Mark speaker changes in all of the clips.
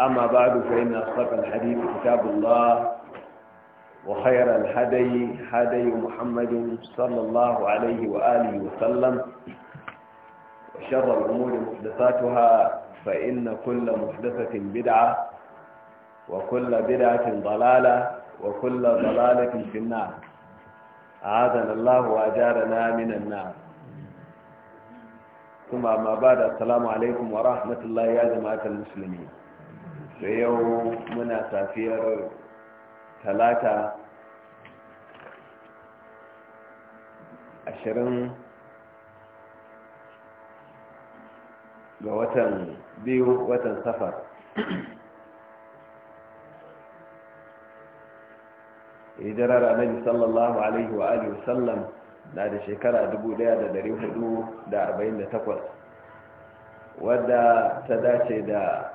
Speaker 1: أما بعد فإن أصدق الحديث كتاب الله وخير الحدي هدي محمد صلى الله عليه وآله وسلم وشر الأمور محدثاتها فإن كل محدثة بدعة وكل بدعة ضلالة وكل ضلالة في النار أعاذنا الله وأجارنا من النار ثم ما بعد السلام عليكم ورحمة الله يا جماعة المسلمين da yau muna safiyar talata ashirin ga watan biyu watan safar hijirar annabi sallallahu alaihi wa alihi wasallam na da shekara 1448 wadda ta dace da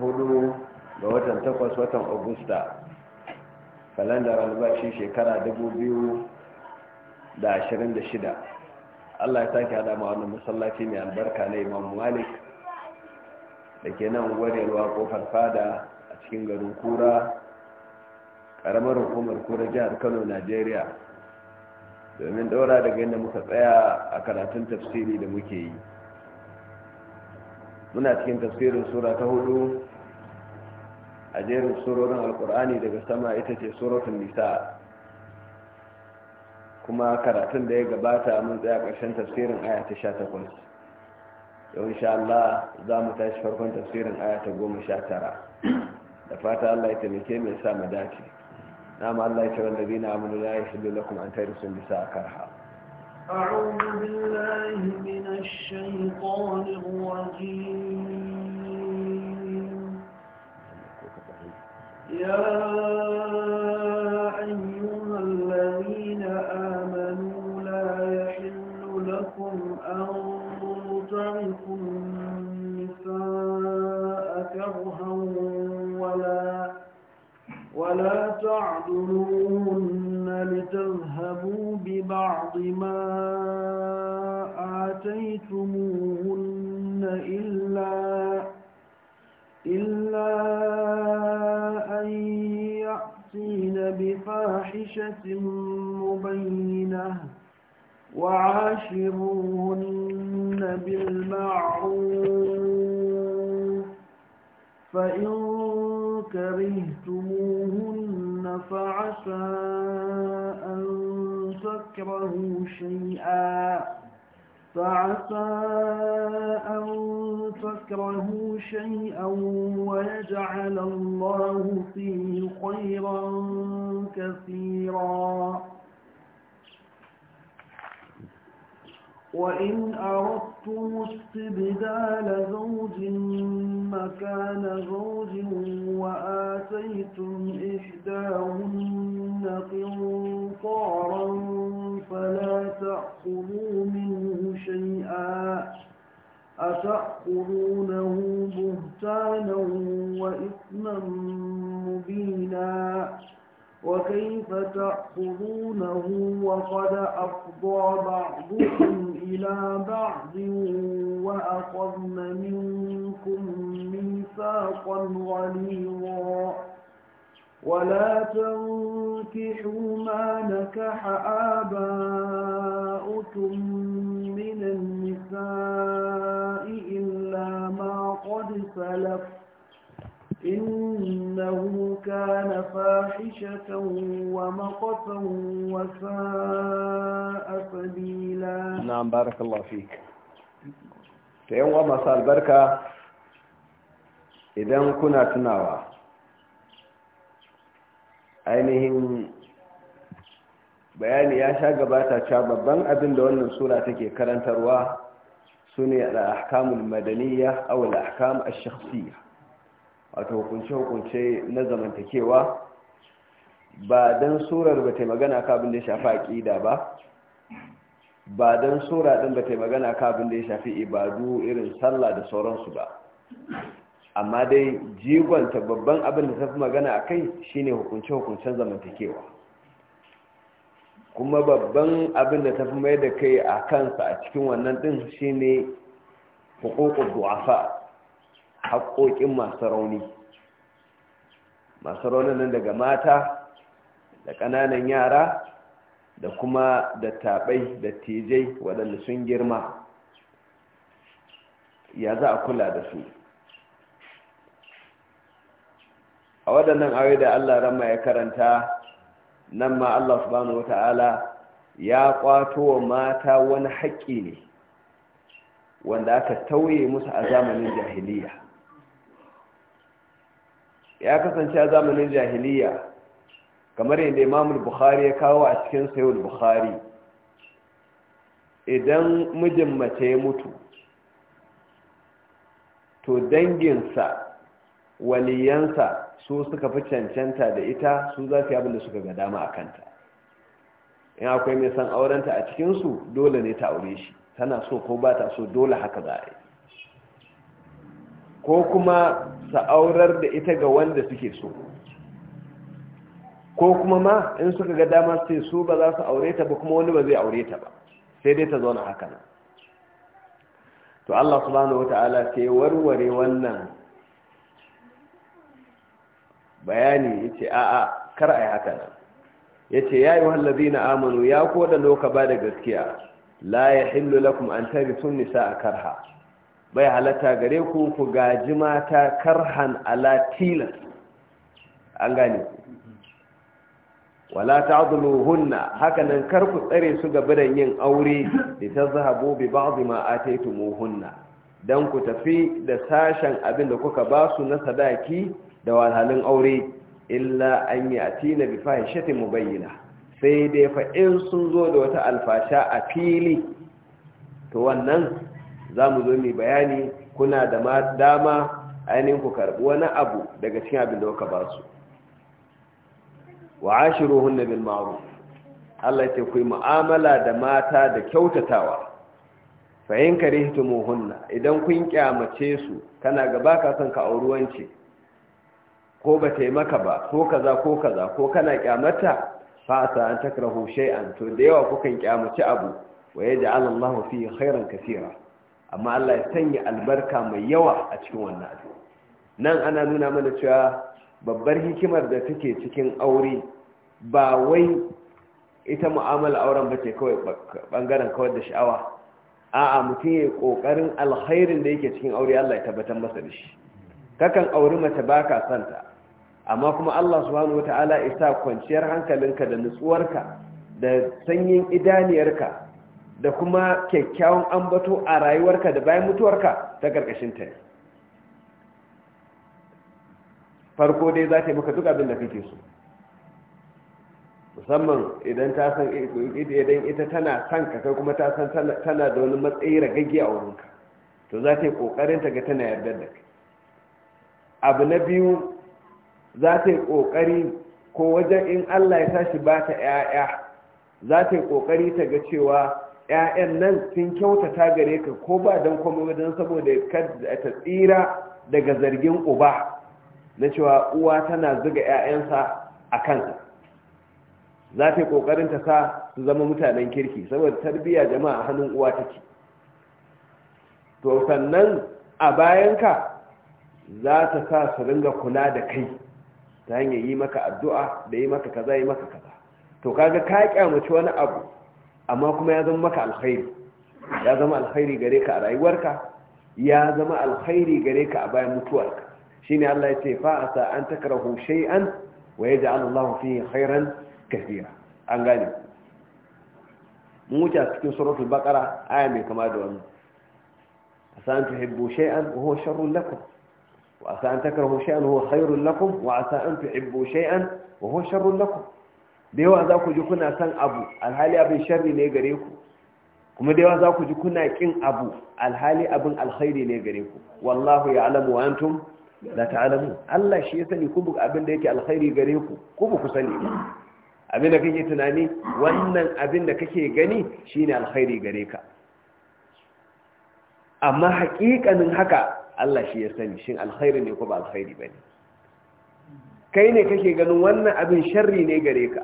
Speaker 1: hudu ga watan takwas watan augusta kalandar albashi shekara dubu biyu da ashirin da shida allah ya sake hada ma wannan masallaci mai albarka na imam malik da ke nan gwarewa kofar fada a cikin garin kura karamar hukumar kura jihar kano najeriya domin daura daga yadda muka tsaya a karatun tafsiri da muke yi muna cikin tafsirin sura ta hudu a jerin surorin alkur'ani daga sama ita ce suratun nisa kuma karatun da ya gabata mun tsaya ƙarshen tafsirin aya ta sha takwas yau insha Allah za mu tashi farkon tafsirin aya ta goma sha tara da fata Allah ya taimake mai sa mu dace na wanda zina نعم da يتولى الذين آمنوا kuma an tari sun nisa a karha.
Speaker 2: أعوذ بالله من الشيطان الرجيم يا الرجال زوج مكان زوج وآتيتم إحداهن قنطارا فلا تأخذوا منه شيئا أتأخذونه بهتانا وإثما مبينا وكيف تأخذونه وقد أفضى بعضكم إلى بعض وأخذن منكم ميثاقا غليظا ولا تنكحوا ما نكح آباؤكم من النساء إلا ما قد سلف إنه كان فاحشة ومقتا وساء سبيلا
Speaker 1: na'am barakallahu fik ta yanwa masu albarka idan kuna tunawa ainihin bayani ya sha gabata cewa babban abin da wannan sura take karantarwa su ne al'ahkamul madaniya awul ahkam ash-shakhsiyya wato hukunce-hukunce na zamantakewa ba don surar ba ta magana abin da shafi aƙida ba ba don sura ɗin ba ta yi magana ka abin da ya shafi ibadu irin sallah da sauransu ba amma dai jigonta babban abin da ta fi magana a kai shine hukunce-hukuncen zamantakewa kuma babban abin da ta fi mai da kai a kansa a cikin wannan ɗin shine hukukun duwafa haƙoƙin masu rauni masu raunin nan daga mata da ƙananan yara da kuma dattabai da tijai waɗanda sun girma ya za a kula da su a waɗannan aure da allah rama ya karanta nan ma allah subhanahu ta'ala ya ƙwato wa mata wani haƙƙi ne wanda aka tauye musu a zamanin jahiliya ya kasance a zamanin jahiliya kamar yadda imam bukhari ya kawo a cikin sayul bukhari idan mijin mace ya mutu to danginsa waliyansa su suka fi cancanta da ita su za su yi abinda suka ga dama a kanta in akwai mai san aurenta a cikinsu dole ne ta aure shi tana so ko ba ta so dole haka za a ko kuma sa aurar da ita ga wanda suke so ko kuma ma in suka ga dama sai su ba za su aure ta ba kuma wani ba zai aure ta ba sai dai ta zauna haka nan to Allah subhanahu wata'ala sai warware wannan bayani yace a'a kar ai haka nan yace ya ayyuhal ladina amanu ya ko da loka ba da gaskiya la yahillu lakum an tarithu nisaa karha bai halatta gare ku ku gaji mata karhan ala tilas an gane ku wala ta'dhuluhunna hakanan kar ku tsare su ga bidan yin aure da ta zahabu bi ba'd ma hunna dan ku tafi da sashen abin da kuka ba su na sadaki da walhalin aure illa an yatina bi fahishati mubayyina sai dai fa in sun zo da wata alfasha a fili to wannan zamu zo mu bayani kuna da dama ainihin ku karbi wani abu daga cikin abin da kuka ba su wa ashiruhunna bil ma'ruf Allah yake ku mu'amala da mata da kyautatawa fa in karihtumuhunna idan kun kyamace su kana gaba ka san ka auruwanci ko ba maka ba ko kaza ko kaza ko kana kyamata fa sa an takrahu shay'an to da yawa kukan kyamace abu wa yaj'al Allahu fi khairan kaseera amma Allah ya sanya albarka mai yawa a cikin wannan abu nan ana nuna mana cewa babbar hikimar da take cikin aure ba wai ita mu'amala auren ba ce kawai bangaren kawai da sha'awa a'a mutum ya kokarin alhairin da yake cikin aure Allah ya tabbatar masa da shi kakan auri mace baka santa amma kuma Allah subhanahu wataala ya isa kwanciyar hankalinka da nutsuwarka da sanyin idaniyarka da kuma kyakkyawan ambato a rayuwarka da bayan mutuwarka ta karkashin ta ne farko dai za ta yi maka duk abin da kake so musamman idan ta san idan ita tana san ka kai kuma ta san tana da wani matsayi ragagge a wurinka to za ta yi kokarin ta ga tana yarda da kai abu na biyu za ta yi kokari ko wajen in Allah ya tashi ba ta ƴaƴa za ta yi kokari ta ga cewa ƴaƴan nan sun kyautata gare ka ko ba dan komai wajen saboda ka ta tsira daga zargin uba na cewa uwa tana zuga 'ya'yansa a kansa za ta yi ƙoƙarin ta sa su zama mutanen kirki saboda tarbiyya jama'a hannun uwa take to sannan a bayanka za ta sa su ringa kula da kai ta hanyar yi maka addu'a da yi maka kaza yi maka kaza to kaga ka kyamaci wani abu amma kuma ya zama maka alkhairi ya zama alkhairi gare ka a rayuwarka ya zama alkhairi gare ka a bayan mutuwarka shine Allah ya ce fa asa an takrahu shay'an wa yaj'al Allahu fihi khairan kathira an gane mu wuce cikin suratul baqara aya mai kama da wannan asa an tuhibbu shay'an wa huwa sharrun lakum wa asa an takrahu shay'an wa huwa khairun lakum wa asa an tuhibbu shay'an wa huwa sharrun lakum da yawa za ku ji kuna san abu alhali abin sharri ne gare ku kuma da yawa za ku ji kuna kin abu alhali abin alkhairi ne gare ku wallahu ya'lamu wa antum la ta'alamu Allah shi ya sani ku abin da yake alkhairi gare ku ku ku sani ba abin da kake tunani wannan abin da kake gani shine alkhairi gare ka amma haƙiƙanin haka Allah shi ya sani shin alkhairi ne ko ba alkhairi bane kai ne kake ganin wannan abin sharri ne gare ka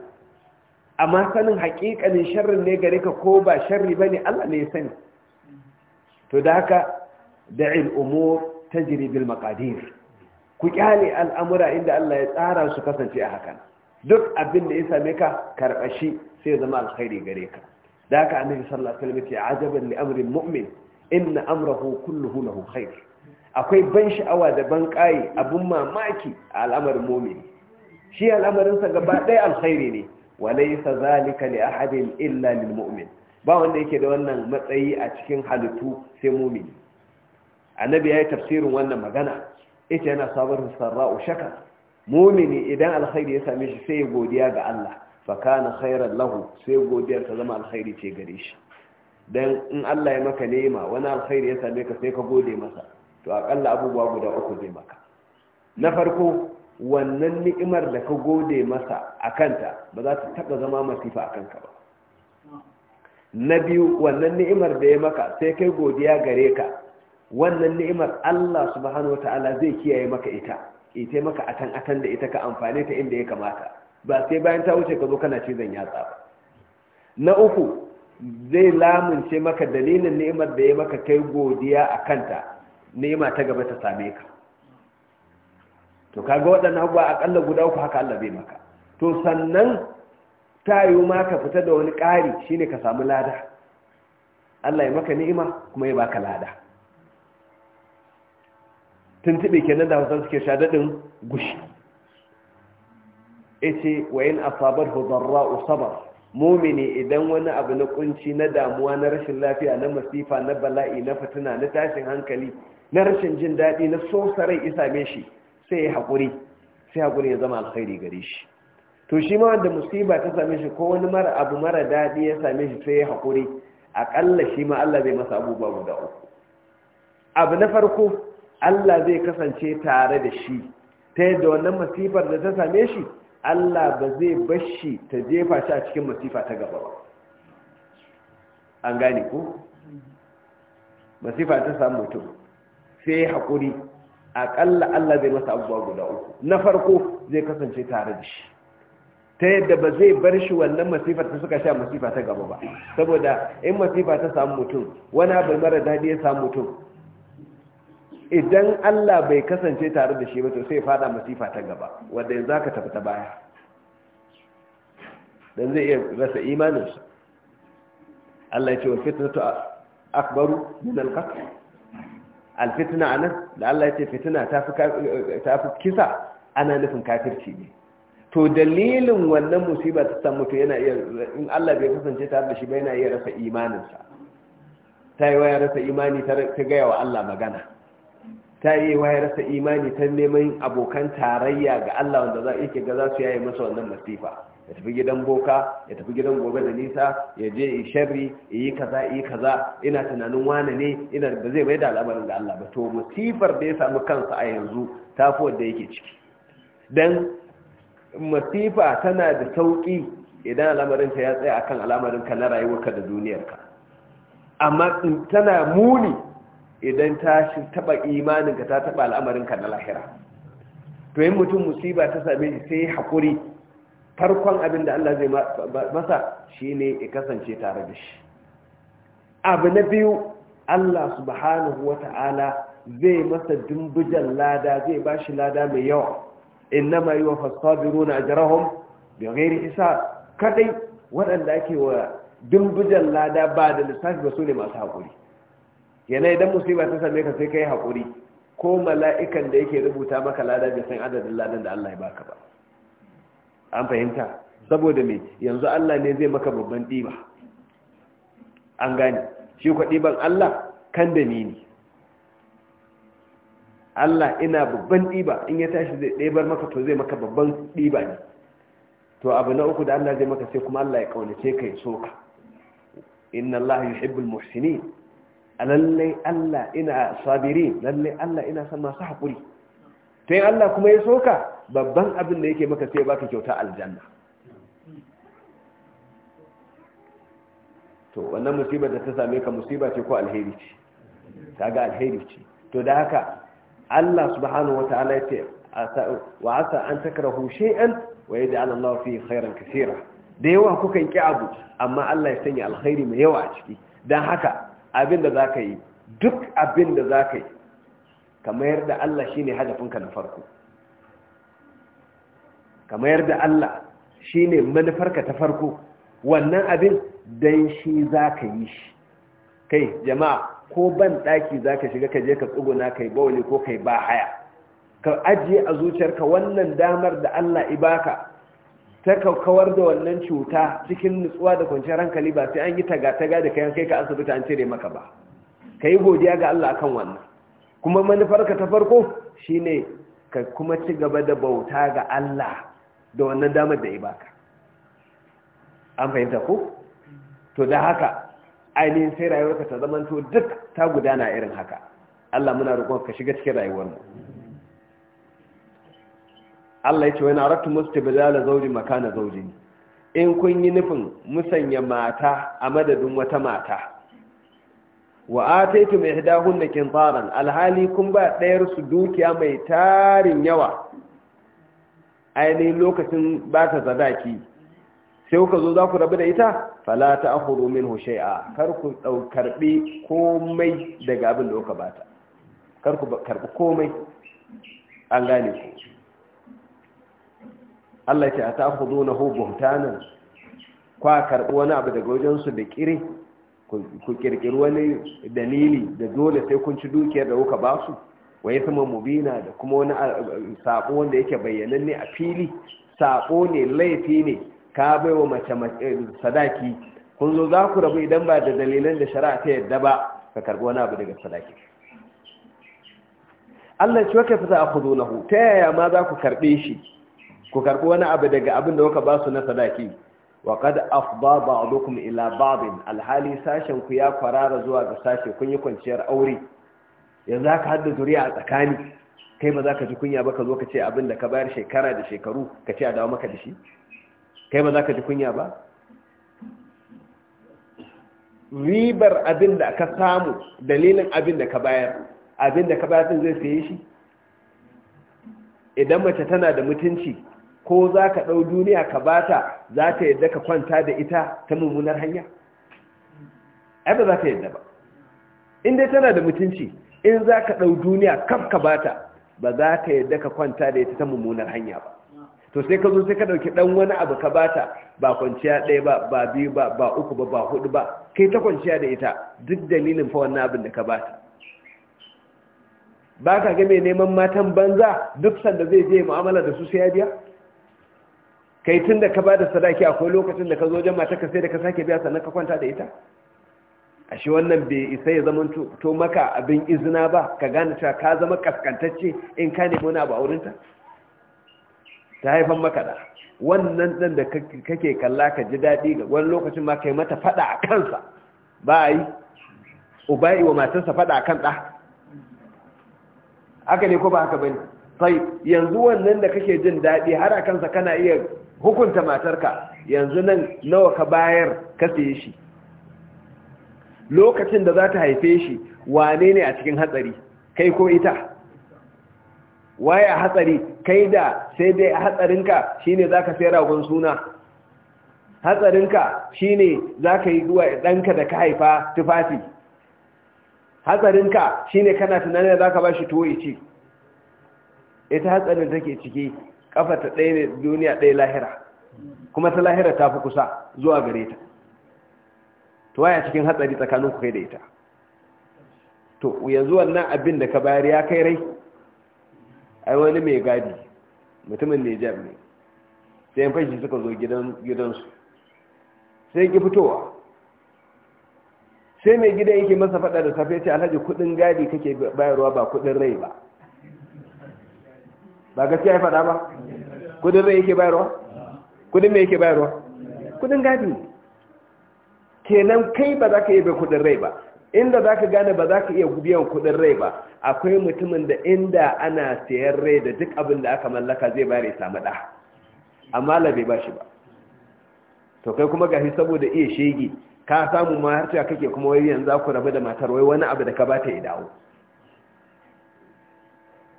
Speaker 1: amma sanin haƙiƙanin sharrin ne gare ka ko ba sharri bane Allah ne ya sani to da haka da'il umur tajribil maqadir ku kyale al'amura inda Allah ya tsara su kasance a hakan duk abin da ya same ka karbashi sai zama alkhairi gare ka da haka annabi sallallahu alaihi wasallam ya ajaban li amrin mu'min inna amrahu kulluhu lahu khair akwai ban sha'awa da ban kai abun mamaki a al'amarin mu'min shi al'amarin sa gaba ɗaya alkhairi ne wa zalika li ahadin illa lil mu'min ba wanda yake da wannan matsayi a cikin halittu sai mu'min annabi ya yi tafsirin wannan magana ita yana sabar sarra'u shaka mumini idan alkhairi ya same shi sai ya godiya ga Allah fa kana khairan lahu sai godiyar ta zama alkhairi ce gare shi dan in Allah ya maka nema wani alkhairi ya same ka sai ka gode masa to akalla abubuwa guda uku zai maka na farko wannan ni'imar da ka gode masa a kanta ba za ta taba zama masifa a kanka ba na biyu wannan ni'imar da ya maka sai kai godiya gare ka wannan ni'imar Allah subhanahu wataala zai kiyaye maka ita ita maka atan atan da ita ka amfane ta inda ya kamata ba sai bayan ta wuce ka zo kana cizon yatsa ba na uku zai lamunce maka dalilin ni'imar da ya maka kai godiya a kanta ni'ima ta gaba ta same ka to ga waɗannan abubuwa akalla guda uku haka Allah bai maka to sannan ta yi ma ka fita da wani ƙari shine ka samu lada Allah ya maka ni'ima kuma ya baka lada tuntube kenan da hausa suke sha daɗin gushi ce wa yin asabar hudarra usabar mumini idan wani abu na kunci na damuwa na rashin lafiya na masifa na bala'i na fitina na tashin hankali na rashin jin daɗi na sosarai isame shi sai ya haƙuri sai haƙuri ya zama alkhairi gare shi to shi ma wanda musiba ta same shi ko wani mara abu mara daɗi ya same shi sai ya haƙuri aƙalla shi ma Allah zai masa abubuwa guda uku abu na farko Allah zai kasance tare da shi ta yadda wannan masifar da ta same shi Allah ba zai bashi ta jefa shi a cikin masifa ta gaba ba an gane ku masifa ta samu mutum sai haƙuri aƙalla Allah zai masa abubuwa guda uku na farko zai kasance tare da shi ta yadda ba zai bar shi wannan masifar ta suka sha masifa ta gaba ba saboda in masifa ta samu mutum wani abu mara daɗi ya samu mutum idan Allah bai kasance tare da shi ba to sai fada masifa ta gaba wanda yanzu aka tafi ta baya dan zai iya rasa shi Allah ya ce wal fitnatu akbaru min al qatl al fitna anan da Allah ya ce fitna ta fi kisa ana nufin kafirci ne to dalilin wannan musiba ta samu to yana iya in Allah bai kasance tare da shi ba yana iya rasa imaninsa ta yi wa ya rasa imani ta gaya wa Allah magana ta yi wa ya rasa imani ta neman abokan tarayya ga Allah wanda za yake ga za su yaye masa wannan masifa ya tafi gidan boka ya tafi gidan gobe da nisa ya je yi sharri yi kaza yi kaza ina tunanin wane ne ina ba zai bai da al'amarin ga Allah ba to masifar da ya samu kansa a yanzu ta fi wanda yake ciki dan masifa tana da sauƙi idan al'amarin ta ya tsaya akan al'amarin ka na rayuwarka da duniyarka amma tana muni idan ta taba imaninka ta taba al'amarinka na lahira to yin mutum musiba ta same shi sai haƙuri farkon abin da Allah zai masa shi ne ya kasance tare da shi abu na biyu Allah subhanahu wa ta'ala zai masa dumbujan lada zai ba shi lada mai yawa inna ma yi wa fasabiru na jirahun da gairi isa kadai waɗanda ake wa dumbujan lada ba da lissafi ba su ne masu haƙuri yana idan musiba ta same ka sai ka yi haƙuri ko mala'ikan da yake rubuta maka lada bai san adadin ladan da Allah ya baka ba an fahimta saboda me yanzu Allah ne zai maka babban ɗiba an gane shi kwa ɗiban Allah kan da ni ne Allah ina babban ɗiba in ya tashi zai ɗebar maka to zai maka babban ɗiba ne to abu na uku da Allah zai maka sai kuma Allah ya kaunace ka ya soka inna Allah yuhibbul muhsinin lallai Allah ina sabiri lallai Allah ina san masu haƙuri ta yin Allah kuma ya soka babban abin da yake maka sai baka kyauta aljanna to wannan musibar da ta same ka musiba ce ko alheri ce ta ga alheri ce to da haka Allah subhanahu wa ta'ala ya ce wa asa an takrahu shay'an wa yaj'al Allah fihi khairan kaseera da yawa kukan ki abu amma Allah ya sanya alkhairi mai yawa a ciki dan haka abin da za ka yi duk abin da za ka yi ka mayar da Allah shi ne hadafinka na farko ka mayar da Allah shi ne manufarka ta farko wannan abin don shi za ka yi shi kai jama'a ko ban ɗaki za ka shiga ka je ka tsuguna kai bawali ko kai ba haya ka ajiye a zuciyarka wannan damar da Allah ibaka ta kawar da wannan cuta cikin nutsuwa da kwanciyar hankali ba sai an yi taga-taga da kayan kai ka asibiti an cire maka ba ka yi godiya ga Allah akan wannan kuma manufarka ta farko shine ka kuma ci gaba da bauta ga Allah da wannan damar da ya baka an fahimta ko to da haka ainihin sai rayuwarka ta zamanto duk ta gudana irin haka Allah muna roƙon ka shiga cikin rayuwar mu Allah ya ce wani aratu mustabdala zauji makana zauji in kun yi nufin musanya mata a madadin wata mata wa da kin tsaran alhali kun ba ɗayarsu su dukiya mai tarin yawa ainihin lokacin ba ta zadaki sai kuka zo za ku rabu da ita fala ta ahuru min hushe kar ku karbi komai daga abin da kuka bata kar ku karbi komai an gane ku Allah ce a ta hudu na hubuhtanin kwa karɓi wani abu daga wajen su da ƙiri ku ƙirƙiri wani dalili da dole sai kun ci dukiyar da kuka ba su wai sama mubina da kuma wani saƙo wanda yake bayyananne a fili saƙo ne laifi ne ka bai wa mace sadaki kun zo za ku rabu idan ba da dalilan da shari'a ta yadda ba ka karɓi wani abu daga sadaki Allah ce wa waka fita a zo na hu ta yaya ma za ku karɓe shi ku karɓi wani abu daga abin da kuka ba su na sadaki wa qad afda ba'dukum ila ba'd alhali sashen ku ya kwarara zuwa ga sashe kun yi kwanciyar aure yanzu ka hadda zuriya a tsakani kai ba za ka ji kunya ba ka zo ka ce abin da ka bayar shekara da shekaru ka ce a dawo maka da shi kai ba za ka ji kunya ba ribar abin da ka samu dalilin abin da ka bayar abin da ka bayar din zai saye shi idan mace tana da mutunci ko za ka ɗau duniya ka ba ta za ta yadda ka kwanta da ita ta mummunar hanya za ta yadda ba in dai tana da mutunci in za ka ɗau duniya kaf ka bata ba za ka yadda ka kwanta da ita ta mummunar hanya ba to sai ka zo sai ka ɗauki ɗan wani abu ka bata ba kwanciya ɗaya ba ba biyu ba ba uku ba ba hudu ba kai ta kwanciya da ita duk dalilin fa wannan abin da ka ba ta. ba ka ga mai neman matan banza duk sanda zai je mu'amala da su sai ya biya kai tun da ka ba da sadaki akwai lokacin da ka zo jan ta sai da ka sake biya sannan ka kwanta da ita a shi wannan bai isa ya zama to maka abin izina ba ka gane cewa ka zama kaskantacce in ka nemi wani abu a wurinta ta haifan maka da wannan ɗan da kake kalla ka ji daɗi ga wani lokacin ma kai mata faɗa a kansa ba a yi uba wa matarsa faɗa a kan ɗa haka ne ko ba haka ne? sai yanzu wannan da kake jin daɗi har a kansa kana iya hukunta matarka yanzu nan nawa ka bayar ka saye shi lokacin da za ta haife shi wane ne a cikin hatsari kai ko ita waye a hatsari kai da sai dai a hatsarinka shine ka sai ragon suna hatsarinka shine ka yi zuwa ɗanka da ka haifa tufafi hatsarinka shine kana tunanin da za ka ba shi tuwo ita hatsarin take ciki kafa ta ɗaya ne duniya ɗaya lahira kuma ta lahira ta fi kusa zuwa gare ta to waya cikin hatsari tsakanin ku kai da ita to yanzu wannan abin da ka bayar ya kai rai ai wani mai gadi mutumin Nijar ne sai yan fashi suka zo gidansu sai ki fitowa sai mai gida yake masa fada da safe ce alhaji kudin gadi kake bayarwa ba kudin rai ba ba gaskiya ya faɗa ba kudin rai yake bayarwa kudin me yake bayarwa kudin gadi kenan kai ba za ka iya bai kudin rai ba inda za ka gane ba za ka iya biyan kudin rai ba akwai mutumin da inda ana sayan rai da duk abin da aka mallaka zai bayar ya samu ɗa amma la bai ba shi ba to kai kuma gashi saboda iya shege ka samu ma har kake kuma wai yanzu ku rabu da matar wai wani abu da ka bata ya dawo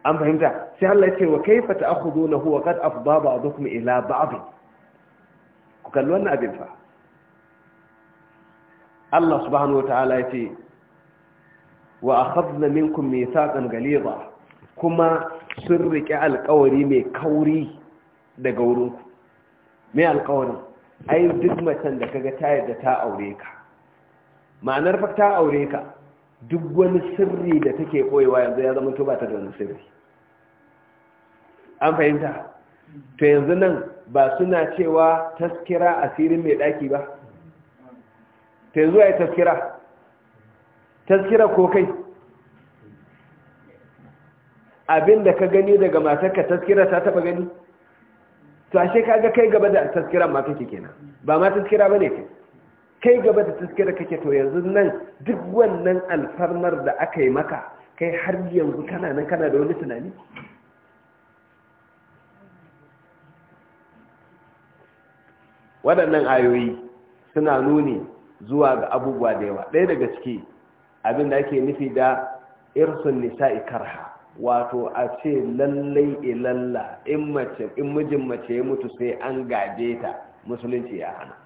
Speaker 1: an fahimta sai Allah ya ce wa kaifa ta'khudunahu wa qad afdha ba'dukum ila ba'd ku kalli wannan abin fa Allah subhanahu wata'ala ya ce wa akhadna minkum mithaqan galiza kuma sun rike alƙawari mai kauri daga wurinku mai alƙawarin ai duk macen da kaga ta yarda ta aure ka ma'anar fa ta aure ka duk wani sirri da take koyewa yanzu ya zama to ba ta da wani sirri an fahimta to yanzu nan ba suna cewa taskira asirin mai daki ba ta yanzu ya yi taskira taskira ko kai abin da ka gani daga matarka taskira ta taba gani to ashe kaga kai gaba da taskiran ma kake kenan ba ma taskira bane kai kai gaba da taske da kake to yanzu nan duk wannan alfarmar da aka yi maka kai har yanzu kana nan kana da wani tunani waɗannan ayoyi suna nuni zuwa ga abubuwa da yawa ɗaya daga ciki abin da ake nufi da irsun nisa'i karha wato a ce lallai ilalla in mace in mijin mace ya mutu sai an gaje ta musulunci ya hana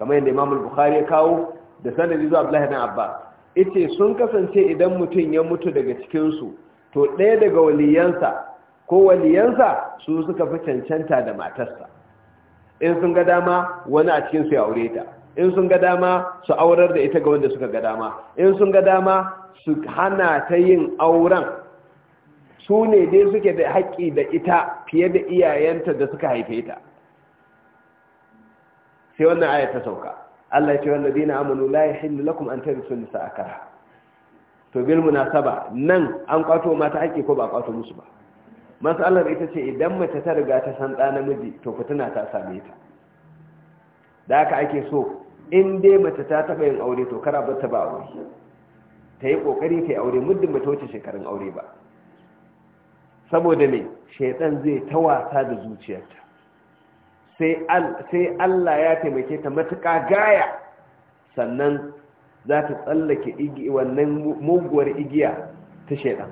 Speaker 1: kamar yadda imam al-bukhari ya kawo da sanadi zuwa abdullahi bin abbas yace sun kasance idan mutum ya mutu daga cikin su to ɗaya daga waliyansa ko waliyansa su suka fi cancanta da matarsa in sun ga dama wani a cikin su ya aure ta in sun ga dama su aurar da ita ga wanda suka ga dama in sun ga dama su hana ta yin auren su ne dai suke da haƙƙi da ita fiye da iyayenta da suka haife ta sai wannan aya ta sauka Allah ya ce dina amanu la yahillu lakum an tarithu nisaa kara to bil munasaba nan an kwato mata ake ko ba kwato musu ba matsalar ita ce idan mace ta riga ta san da namiji to fitina ta same ta da haka ake so in dai mace ta taba yin aure to kara bar ba aure ta yi ƙoƙari ta yi aure muddin bata wuce shekarun aure ba saboda me shaidan zai ta wasa da zuciyarta sai Allah ya taimake ta matuƙa gaya sannan za ta tsallake wannan muguwar igiya ta shaidan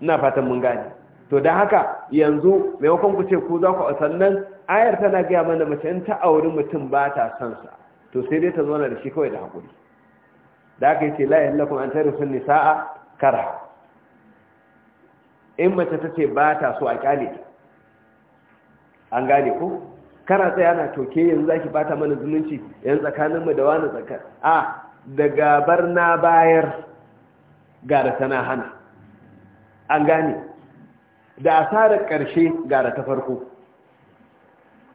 Speaker 1: ina fatan mun gani to da haka yanzu maimakon ku ce ku za ku sannan ayar tana gaya mana mace in ta auri mutum ba ta san sa to sai dai ta zauna da shi kawai da hakuri da haka yace la yallakum an tarifu nisaa karha in mace ta ce ba ta so a kyale ta an gane ko kana tsaya na toke yanzu zaki bata mana zumunci yan tsakanin mu da wani tsaka a daga barna bayar gara tana hana an gane da asarar karshe gara ta farko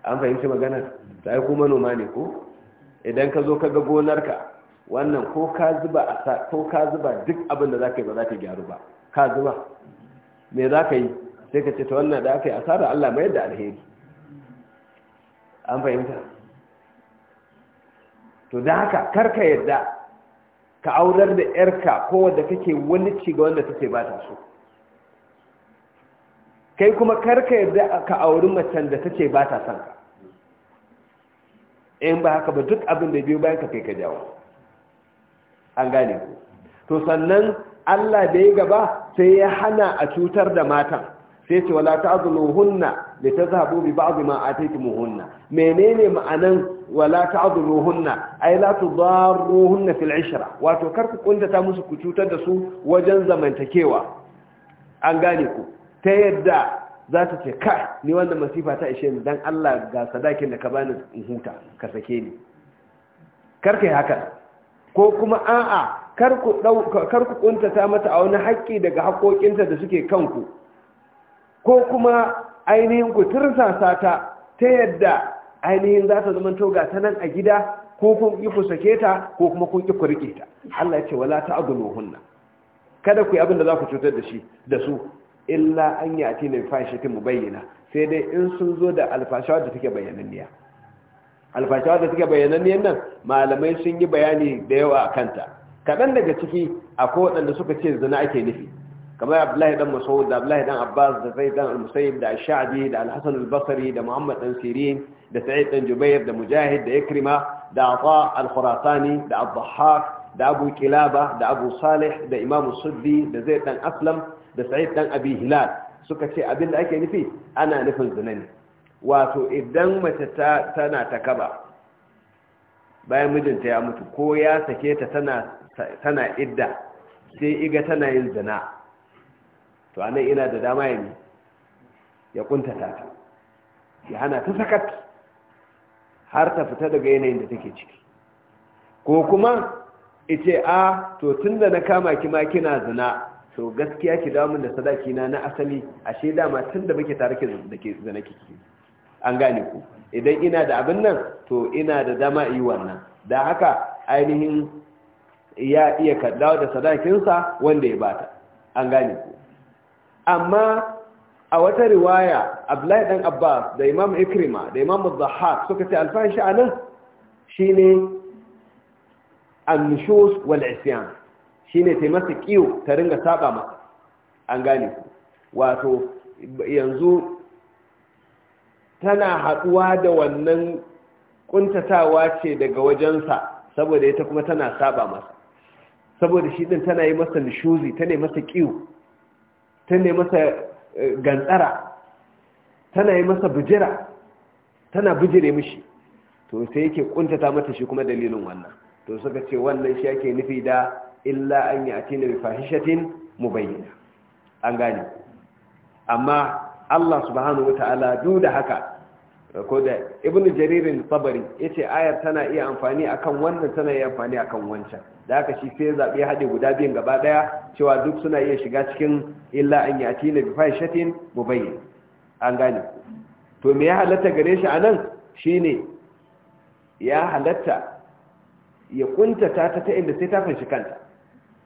Speaker 1: an fahimci magana ta yi kuma noma ne ko idan ka zo ka ga gonarka wannan ko ka zuba ko ka zuba duk abin da zaka yi ba za ta gyaru ba ka zuba me za ka yi sai ka ce ta wannan da aka yi asara Allah mai da alheri an fahimta to da haka karka yadda ka aurar da yarka ko wadda kake wani ci ga wanda take ba ta so kai kuma karka yadda ka auri macen da take ba ta son ka in ba haka ba duk abin da biyu bayan ka kai ka jawo an gane ku to sannan Allah da ya gaba sai ya hana a cutar da matan sai ce wala ta'dhuluhunna da ta zaɓo bi ba'adu ma muhunna. menene ma'anan wala ta'dhuluhunna ay la tudarruhunna fil 'ishra wato kar ku kunta ta musu ku cutar da su wajen zamantakewa an gane ku ta yadda za ta ce kai ni wannan masifa ta ishe ni dan Allah ga sadakin da ka bani in huta ka sake ni kar yi haka ko kuma a'a kar ku kar ku kuntata mata a wani haƙƙi daga haƙoƙinta da suke kanku ko kuma ainihin ku tursasa ta ta yadda ainihin za ta zama toga ta nan a gida ko kun yi ku sake ta ko kuma kun ki ku riƙe ta Allah ya ce wala hunna kada ku yi abin da za ku cutar da shi da su illa an yati ne fashitin mubayyana sai dai in sun zo da alfashawa da take bayyananniya alfashawa da take bayyananniyan nan malamai sun yi bayani da yawa a kanta kaɗan daga ciki akwai waɗanda suka ce zina ake nufi kamar abdullahi dan mas'ud da abdullahi dan abbas da zaid dan al-musayyib da ash-sha'bi da al-hasan al-basri da muhammad dan sirin da sa'id dan jubair da mujahid da ikrima da ata al-khurasani da ad-dhahhak da abu kilaba da abu salih da imam suddi da zaid dan aslam da sa'id dan abi hilal suka ce abinda ake nufi ana nufin zinani wato idan mace tana ta kaba bayan mijinta ya mutu ko ya sake ta tana idda sai iga tana yin zina to anan ina da dama ya ne ya kuntata ta ya hana ta sakat har ta fita daga yanayin da take ciki ko kuma ice a to tun da na kama ki ma kina zina to gaskiya ki damun da sadaki na na asali ashe dama tun da muke tare da ke zina kiki an gane ku idan ina da abin nan to ina da dama yi wannan da haka ainihin ya iya kaddawa da sadakinsa wanda ya bata an gane ku amma a wata riwaya abdullahi dan abbas da imam ikrima da imam az-zahhak suka ce shi anan shine annushus wal isyan shine tai masa kiyo ta ringa saba masa an gane wato yanzu tana haduwa da wannan kuntatawa ce daga wajensa saboda ita kuma tana saba masa saboda shi din tana yi masa nishuzi tana yi masa kiyo ta ne masa eh, gantsara tana yi masa bijira tana bijire mishi to sai yake kuntata mata shi kuma dalilin wannan to suka ce wannan shi yake nufi da illa an yi ati na bifahishatin mubayyana an gane amma Allah subhanahu wa ta'ala duk da haka ko da ibn jaririn sabari ya ce ayar tana iya amfani akan wannan tana iya amfani akan wancan da haka shi sai zaɓe hadi guda biyun gaba ɗaya cewa duk suna iya shiga cikin illa an yati na bifai shatin mu bayyana an gane to me ya halatta gare shi a nan shine ya halatta ya kunta ta ta inda sai ta fanshi kanta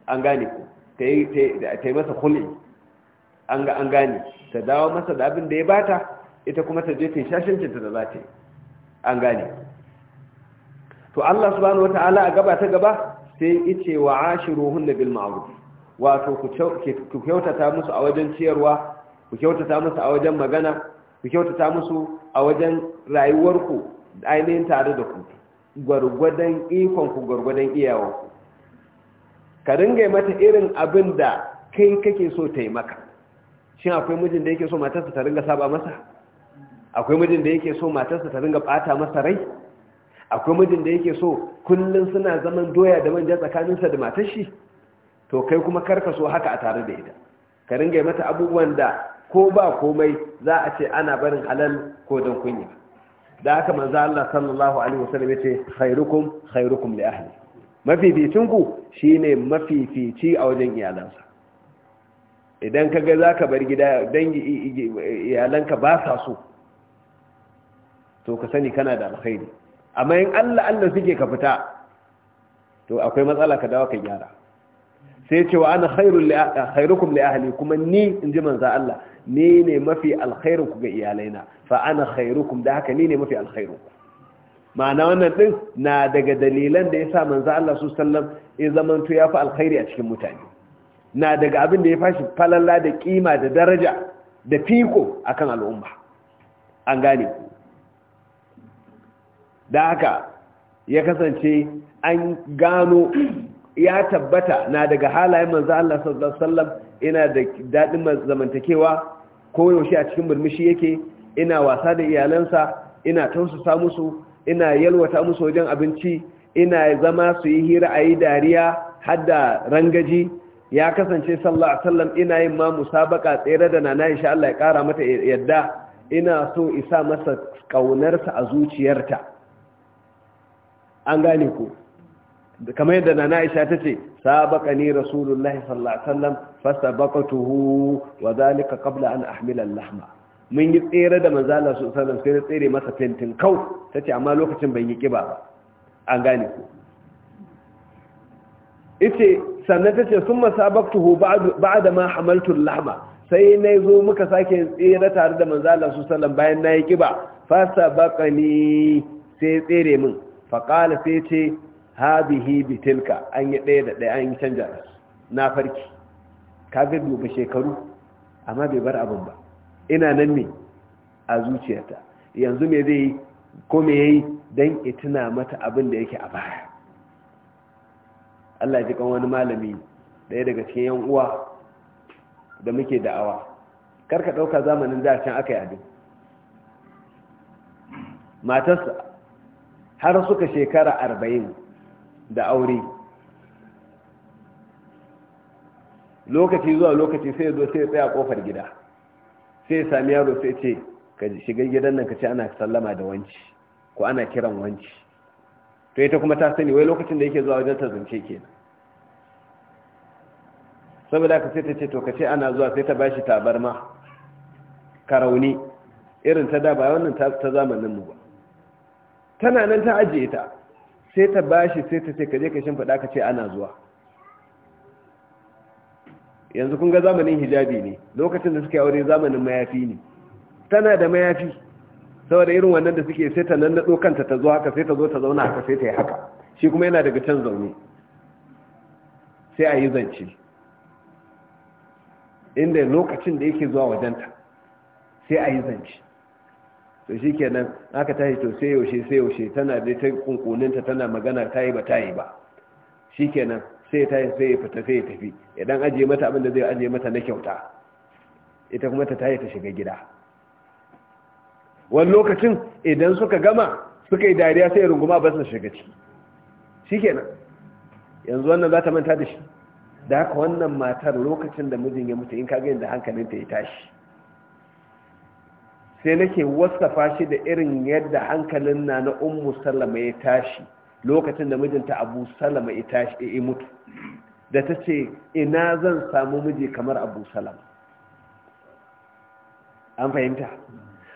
Speaker 1: an gane ku ta yi masa kulli an gane ta dawo masa da abin da ya bata ita kuma ta je ta yi cinta da za ta yi an gane to Allah subhanahu wata'ala a gaba ta gaba sai ice wa ashiruhunna bil ma'ruf wato ku kyautata musu a wajen ciyarwa ku kyautata musu a wajen magana ku kyautata musu a wajen rayuwarku ainihin tare da ku gwargwadon ikonku gwargwadon iyawanku ka ringa mata irin abin da kai kake so ta yi maka shin akwai mijin da yake so matarsa ta ringa saba masa akwai mijin da yake so matarsa ta ringa bata masa rai akwai mijin da yake so kullum suna zaman doya da manja tsakaninsa da matar shi to kai kuma karka so haka a tare da ita ka ringa yi mata abubuwan da ko ba komai za a ce ana barin halal ko don kunya da haka manzo Allah sallallahu alaihi wasallam yace khairukum khairukum li ahli mafificin ku shine mafifici a wajen iyalansa idan kaga zaka bar gida dangi iyalanka ba sa so to ka sani kana da alkhairi amma in Allah Allah suke ka fita to akwai matsala ka dawo ka gyara sai cewa ana khairul li khairukum li ahli kuma ni in ji manzo Allah ni ne mafi alkhairu ku ga iyalaina fa ana khairukum da haka ni ne mafi alkhairu ma'ana wannan din na daga dalilan da yasa manzo Allah su sallam ya zamanto ya fa alkhairi a cikin mutane na daga abin da ya fashi falalla da kima da daraja da fiko akan al'umma an gane da haka ya kasance an gano ya tabbata na daga halayen manzo Allah sallallahu Sallam ina da dadin zamantakewa ko yaushe a cikin murmushi yake ina wasa da iyalansa ina tausasa musu ina yalwata musu wajen abinci ina zama su yi hira a yi dariya hadda rangaji ya kasance sallallahu alaihi wasallam ina yin ma musabaka tsere da nana insha Allah ya kara mata yadda ina so isa masa kaunarsa a zuciyarta an gane ku kamar yadda na na'isha ta ce sabaka ni rasulullahi sallallahu alaihi wasallam tuhu wa zalika qabla an ahmila al-lahma mun yi tsere da manzala su sallallahu sai na tsere masa fentin kau tace amma lokacin ban yi kiba ba an gane ku ite sannan tace summa sabaqtuhu ba'da ma hamaltu al-lahma sai na zo muka sake tsere tare da manzala su sallallahu alaihi wasallam bayan nayi kiba ni sai tsere min faƙala sai ce habihi bitilka an yi ɗaya da ɗaya an yi canja da na farki ka ga dubu shekaru amma bai bar abin ba ina nan ne a zuciyarta yanzu me zai yi ko me don dan itina mata abin da yake a baya Allah ji kan wani malami ɗaya daga cikin yan uwa da muke da'awa karka ɗauka zamanin da can aka yi abin matarsa har suka shekara arba'in da aure lokaci zuwa lokaci sai ya zo sai ya tsaya kofar gida sai ya sami yaro sai ce ka shiga gidan nan ka ce ana sallama da wanci ko ana kiran wanci to ita kuma ta sani wai lokacin da yake zuwa wajen ta zance ke saboda ka sai ta ce to ka ce ana zuwa sai ta bashi tabarma karauni irin ta da ba wannan ta zamanin mu ba tana nan ta ajiye ta sai ta bashi sai ta ce ka je ka ka ce ana zuwa yanzu kun ga zamanin hijabi ne lokacin da suke aure zamanin mayafi ne tana da mayafi saboda irin wannan da suke sai ta nan na kanta ta zo haka sai ta zo ta zauna haka sai ta yi haka shi kuma yana daga can zaune sai a yi zance inda lokacin da yake zuwa wajenta sai a yi zance to shi kenan aka tashi to sai yaushe sai yaushe tana da ta kunkuninta tana magana ta yi ba ta yi ba shi kenan sai ta yi sai ya fita sai ya tafi idan ajiye mata abin da zai ajiye mata na kyauta ita kuma ta tashi ta shiga gida wani lokacin idan suka gama suka yi dariya sai runguma ba su shiga ciki shi kenan yanzu wannan za ta manta da shi da haka wannan matar lokacin da mijin ya mutu in kaga yadda hankalinta ya tashi sai nake wasafa shi da irin yadda hankalin na na ummu sallama ya tashi lokacin da mijinta abu salama ya tashi ya mutu da ta ce ina zan samu miji kamar abu salama an fahimta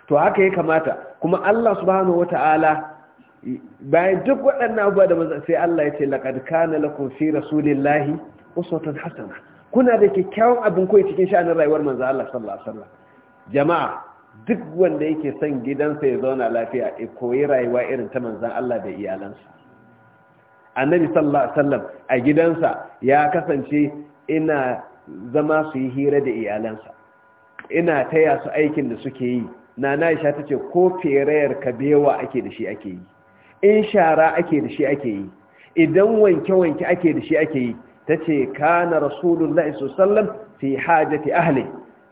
Speaker 1: to haka ya kamata kuma Allah subhanahu ta'ala, bayan duk waɗannan abuwa da mazan sai Allah ya ce laƙad kana lakum fi rasulillahi uswatun hasana kuna da kyakkyawan abin koyi cikin sha'anin rayuwar manzan Allah sallallahu alaihi wasallam jama'a duk wanda yake son gidansa ya zauna lafiya a koyi rayuwa irin ta manzan Allah da iyalansa annabi sallallahu alaihi wasallam a gidansa ya kasance ina zama su yi hira da iyalansa ina taya su aikin da suke yi na na isha ta ce ko ferayar kabewa ake da shi ake yi in shara ake da shi ake yi idan wanke-wanke ake da shi ake yi ta ce kana rasulullahi sallam fi hajjati ahli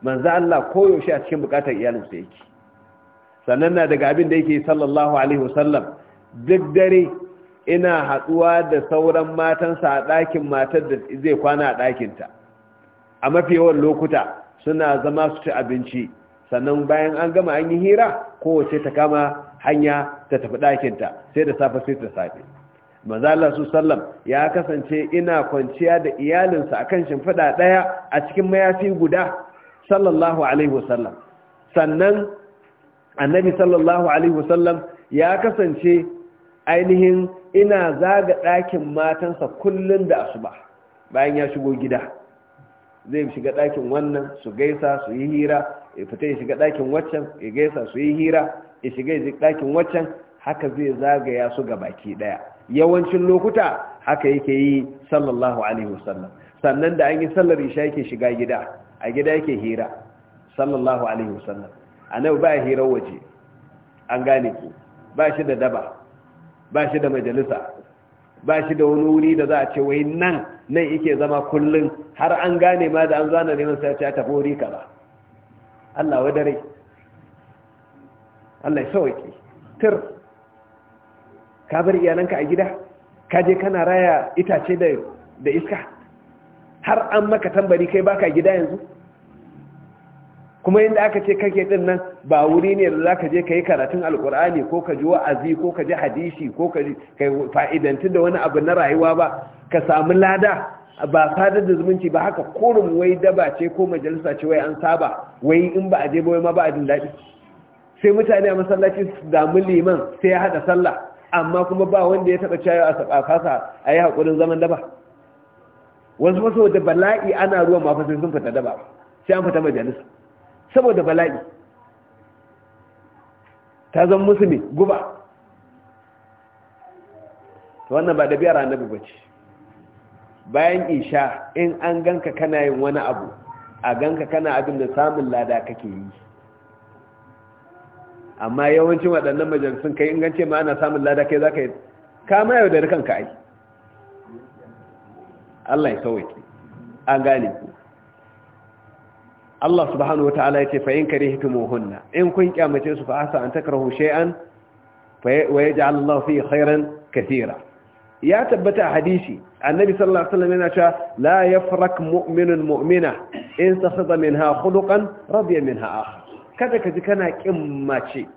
Speaker 1: manzo Allah koyaushe a cikin bukatar iyalinsa yake sannan na daga abin da yake sallallahu alaihi wasallam duk dare ina haduwa da sauran matansa a ɗakin matar da zai kwana a ɗakinta a mafi yawan lokuta suna zama su ci abinci sannan bayan an gama an yi hira kowace ta kama hanya ta tafi ɗakinta sai da safe sai ta safe manzala su sallam ya kasance ina kwanciya da iyalinsa akan shimfiɗa ɗaya a cikin mayafi guda sallallahu alaihi wasallam sannan annabi sallallahu alaihi wasallam ya kasance ainihin ina zaga ɗakin matansa kullum da asuba bayan ya shigo gida zai shiga ɗakin wannan su gaisa su yi hira ya fita ya shiga ɗakin waccan ya gaisa su yi hira ya shiga ya ɗakin waccan haka zai zagaya su ga baki ɗaya yawancin lokuta haka yake yi sallallahu alaihi wasallam sannan da an yi sallar isha yake shiga gida a gida yake hira sallallahu alaihi wasallam annabi ba hira waje an gane ku ba shi da daba ba shi da majalisa ba shi da wani wuri da za a ce wai nan nan yake zama kullum har an gane ma da an zana neman sai ta tafi wuri kaza Allah wa dare Allah ya sauke tir ka bar iyalanka a gida ka je kana raya itace da da iska har an maka tambari kai baka gida yanzu kuma inda aka ce kake din nan ba wuri ne da zaka je kai karatun alkur'ani ko ka ji wa'azi ko ka ji hadisi ko ka kai fa'idantu da wani abu na rayuwa ba ka samu lada ba sadar da zumunci ba haka kurum wai daba ce ko majalisa ce wai an saba wai in ba a je ba wai ma ba a jin daɗi sai mutane a masallaci su damu liman sai ya haɗa sallah amma kuma ba wanda ya taɓa cayo a kasa a yi haƙurin zaman daba wasu maso da bala'i ana ruwan mafasin sun fita daba sai an fita majalisa saboda bala'i ta zan musulmi ne guba wannan ba da biyar annabi ba ce bayan isha in an ganka kana yin wani abu a ganka kana abin da samun lada kake yi amma yawancin waɗannan majalisun kai ingance ma ana samun lada kai za ka yi kama yau da rikanka ai Allah ya sauwaki an gane ku Allah subhanahu wataala yace fa in karihtumuhunna in kun kyamace su fa asa an takrahu shay'an fa yaj'al Allah fi khairan katira ya tabbata hadisi annabi sallallahu alaihi wasallam yana cewa la yafrak mu'minun mu'mina in tasada minha khuluqan radiya minha akhar kada kaji kana kin mace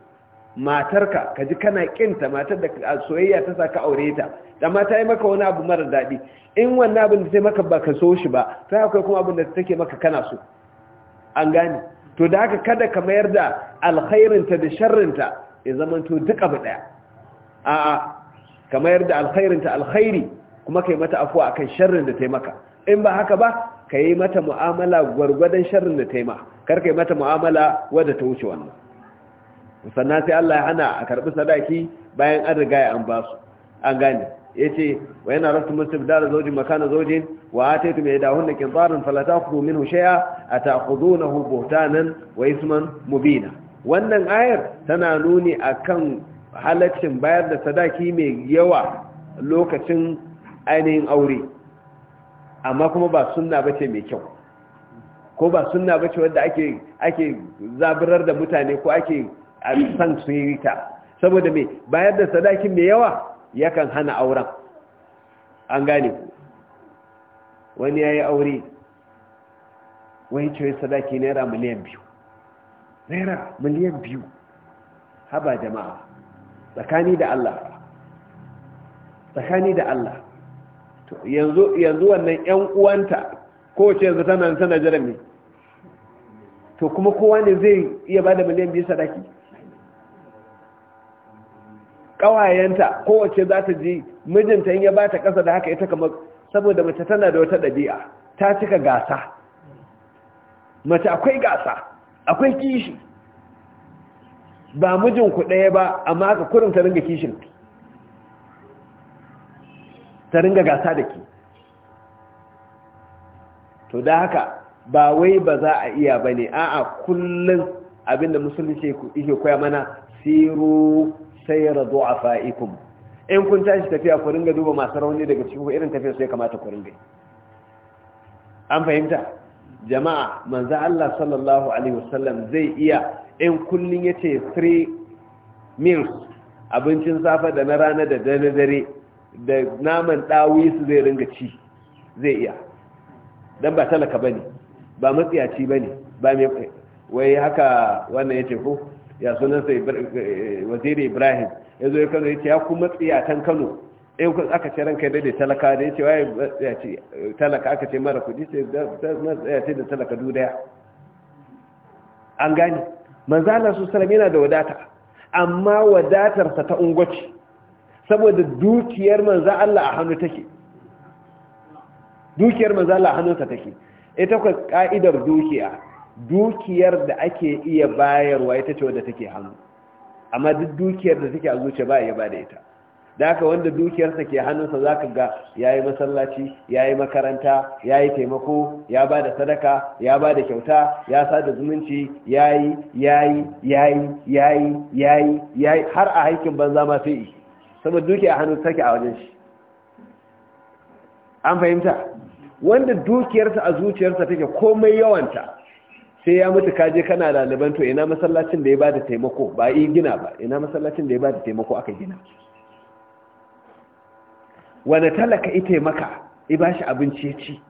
Speaker 1: matarka kaji kana kinta matar da soyayya ta saka aure ta da ta yi maka wani abu mara daɗi, in wannan abin da yi maka baka so shi ba yi akwai kuma abin da take maka kana so an gane to da haka kada ka mayar da alkhairinta da sharrinta ya zama to duka ba daya a'a ka mayar da alkhairinta alkhairi kuma kai mata afuwa akan sharrin da ta maka in ba haka ba ka yi mata mu'amala gwargwadon sharrin da ta ma kar ka yi mata mu'amala wadda ta wuce wannan sannan sai Allah ya hana a karɓi sadaki bayan an riga ya an ba su an gane yace wa yana rasu da da zawjin makana zawjin wa ataytum yadahunna qintaran fala taqulu minhu shay'a ata'khudunahu buhtanan wa isman mubina wannan ayar tana nuni akan halaccin bayar da sadaki mai yawa lokacin ainihin aure amma kuma ba sunna bace mai kyau ko ba sunna bace wanda ake ake zaburar da mutane ko ake san su yi ta saboda me bayar da sadaki mai yawa yakan hana auren an gane ku wani ya yi aure wani cewa sadaki naira miliyan biyu naira miliyan biyu haba jama'a tsakani da Allah tsakani da Allah yanzu wannan 'yan uwanta kowace yanzu tana sanar jirami to kuma kowa ne zai iya ba da miliyan biyu sadaki ƙawayenta kowace za ta ji mijinta in ya ba ta ƙasa da haka ita kamar saboda mace tana da wata ɗabi'a ta cika gasa mace akwai gasa akwai kishi ba mijin ku ɗaya ba amma aka kurin ta ringa kishin ta ringa gasa da ke. to da haka ba wai ba za a iya ba ne a'a kullum abinda musulunci ke koya mana siru sayra fa’ikun in kun tashi tafiya ku ringa duba masu rauni daga cikin irin tafiya su ya kamata ku ringa an fahimta jama'a manza Allah sallallahu alaihi wasallam zai iya in ya yace 3 meals abincin safa da na rana da na dare da naman ɗawi su zai ringa ci zai iya don ba talaka bane ba matsiyaci bane ba mai wai haka wannan yace ko ya sunansa waziri ibrahim ya zo ya kano ya ce ya kuma tan kano in eh, kun aka ce ranka da talaka da ya ce waye ya ce talaka aka ce mara kudi sai ya ce da talaka dudaya an gani manzana su salam yana da wadata amma wadatarsa ta ungwaci saboda dukiyar manza Allah a hannu take dukiyar manza Allah a hannunsa take ita kwa ka'idar dukiya dukiyar da ake iya bayarwa ita ce wadda take hannu amma duk dukiyar da take a zuciya ba ya ba da ita da aka wanda dukiyarsa ke hannunsa za ka ga ya yi masallaci ya yi makaranta ya yi taimako ya ba da sadaka ya ba da kyauta ya sada zumunci ya yi ya yi ya yi ya yi ya yi ya yi har a haikin banza ma sai yi saboda dukiya hannu take a wajen shi an fahimta wanda dukiyarsa a zuciyarsa take komai yawanta sai ya mutu kaje kana laliban to ina masallacin da ya bada taimako ba yi gina ba ina masallacin da ya bada taimako aka gina wani talaka ita maka ba bashi abinci ya ci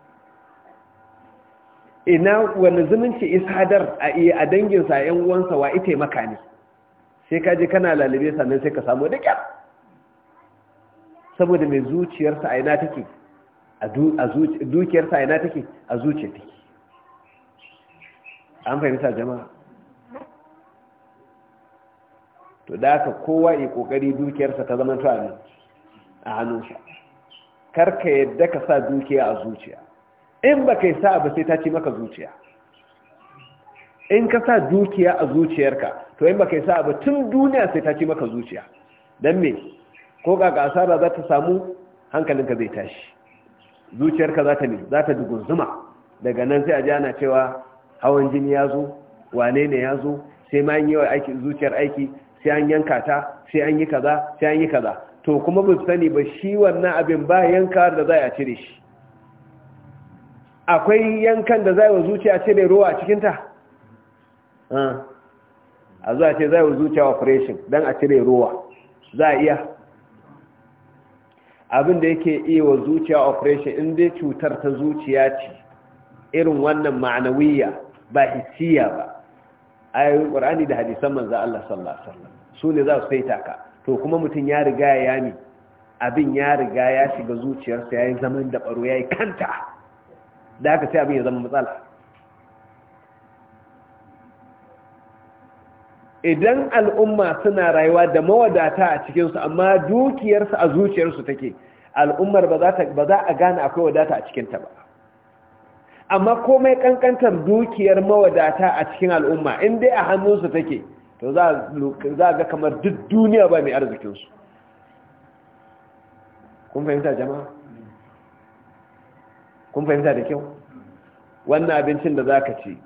Speaker 1: ina wani zumunci ishadar a iya a danginsa a yan uwansa wa ita maka ne sai kaje kana lalibe sannan sai ka samu da kyar saboda mai zuciyarsa a ina take a zuciyarsa a ina take a zuciya take an fahimta jama'a to da aka kowa yi kokari dukiyarsa ta zama ne a hannunsa karka yadda ka sa dukiya a zuciya in ba ka yi sa ba sai ta ci maka zuciya in ka sa dukiya a zuciyarka to in ba ka yi sa ba tun duniya sai ta ci maka zuciya don me ko ga asara za ta samu hankalinka zai tashi zuciyarka za ta ne za ta zuma daga nan sai a ji ana cewa hawan jini ya zo wane ne ya zo sai ma yi wa aiki zuciyar aiki sai an yanka ta sai an yi kaza sai an yi kaza to kuma ba su sani ba shi wannan abin ba yanka da za a cire shi akwai yankan da za wa zuciya cire ruwa a cikinta a zuwa ce za wa zuciya operation don a cire ruwa za a iya abin da yake iya wa zuciya operation inda cutar ta zuciya ce irin wannan ma'anawiyya ba hisiya ba ayoyin qur'ani da hadisan manzo Allah sallallahu alaihi wasallam su ne za su saita ka to kuma mutum ya riga ya yami abin ya riga ya shiga zuciyarsa yayi zaman da baro yayi kanta da haka sai abin ya zama matsala idan al'umma suna rayuwa da mawadata a cikinsu amma dukiyarsu a zuciyarsu take al'ummar ba za a gane akwai wadata a cikinta ba amma komai kankantar dukiyar mawadata a cikin al'umma in dai a hannunsu take to za a ga kamar duk duniya ba mai arzikinsu kun fahimta jama'a kun fahimta da kyau wannan abincin da za ka ci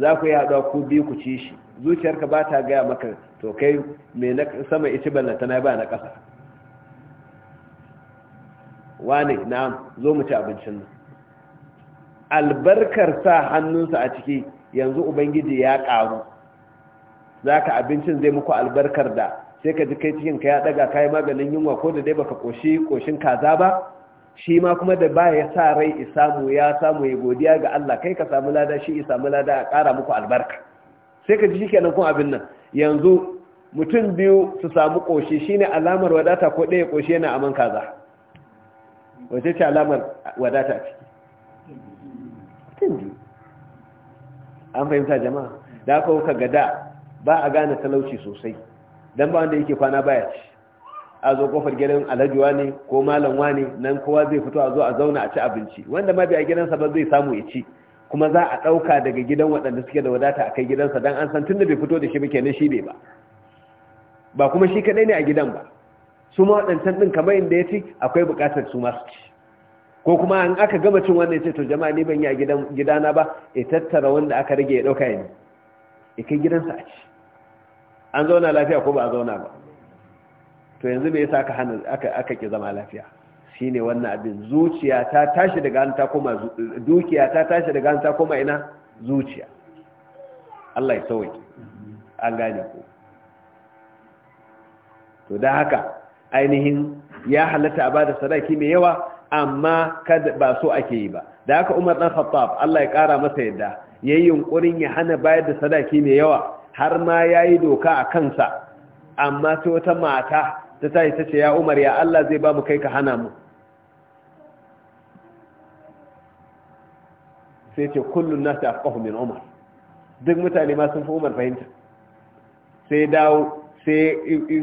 Speaker 1: za ku yi haɗuwa ku biyu ku ci shi zuciyarka ba ta gaya maka to kai mai na sama ici ba na ba na ƙasa wane na zo mu ci abincin nan albarkar sa hannunsa a ciki yanzu ubangiji ya ƙaru za ka abincin zai muku albarkar da sai ka ji kai cikin ka ya ɗaga kayi maganin yunwa ko da dai baka koshi koshin kaza ba shi ma kuma da ba ya sa rai isamu ya samu ya godiya ga Allah kai ka samu lada shi isamu lada a kara muku albarka sai ka ji shi kenan kun abin nan yanzu mutum biyu su samu ƙoshi shine alamar wadata ko ɗaya ƙoshi yana aman kaza wace ce alamar wadata ce? an fahimta jama'a da aka kuka da ba a gane talauci sosai dan ba wanda yake kwana baya ci a zo kofar gidan alhajiwa ne ko malamwa ne nan kowa zai fito a zo a zauna a ci abinci wanda ma bai a gidansa ba zai samu ya ci kuma za a ɗauka daga gidan waɗanda suke da wadata a kai gidansa don an san tun da bai fito da shi ba kenan shi bai ba ba kuma shi kaɗai ne a gidan ba su ma waɗancan ɗin kamar inda ya ci akwai buƙatar su masu ci ko kuma an aka gama cin wannan ce to jama'a ni ban yi a gidana ba ya tattara wanda aka rage ya ɗauka ya ne ya kai gidansa a ci an zauna lafiya ko ba a zauna ba to yanzu me yasa aka hana aka ki zama lafiya shine wannan abin zuciya ta tashi daga an ta koma dukiya ta tashi daga an ta koma ina zuciya Allah ya sauke an gane ku to da haka ainihin ya halatta a bada sadaki mai yawa amma kada ba so ake yi ba da haka umar dan khattab Allah ya kara masa yadda yayi yunkurin ya hana bayar da sadaki mai yawa har ma yayi doka a kansa amma sai wata mata ta tayi tace ya umar ya Allah zai ba mu kai ka hana mu sai ce kullun nas afqahu min umar duk mutane ma sun fi umar fahimta sai dawo sai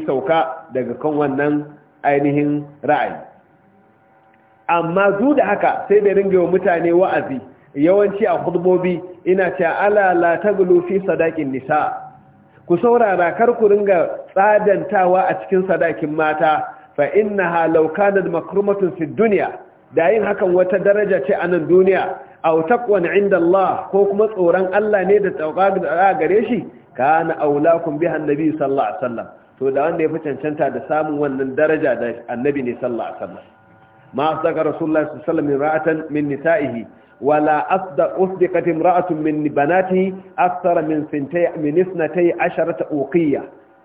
Speaker 1: sauka daga kan wannan ainihin ra'ayi amma zu da haka sai da ringa wa mutane wa'azi yawanci a hudubobi ina cewa ala la taglu fi sadaqin nisa ku saurara kar ku ringa tsadantawa a cikin sadakin mata fa innaha law kanat makrumatun fi dunya da yin hakan wata daraja ce a nan duniya aw taqwan inda Allah ko kuma tsoron Allah ne da tsauka gare shi kana aulakum biha annabi sallallahu alaihi wasallam to da wanda ya fi cancanta da samun wannan daraja da annabi ne sallallahu alaihi wasallam ما أصدق رسول الله صلى الله عليه وسلم امرأة من نسائه ولا أصدق أصدقت امرأة من بناته أكثر من سنتي من اثنتي عشرة أوقية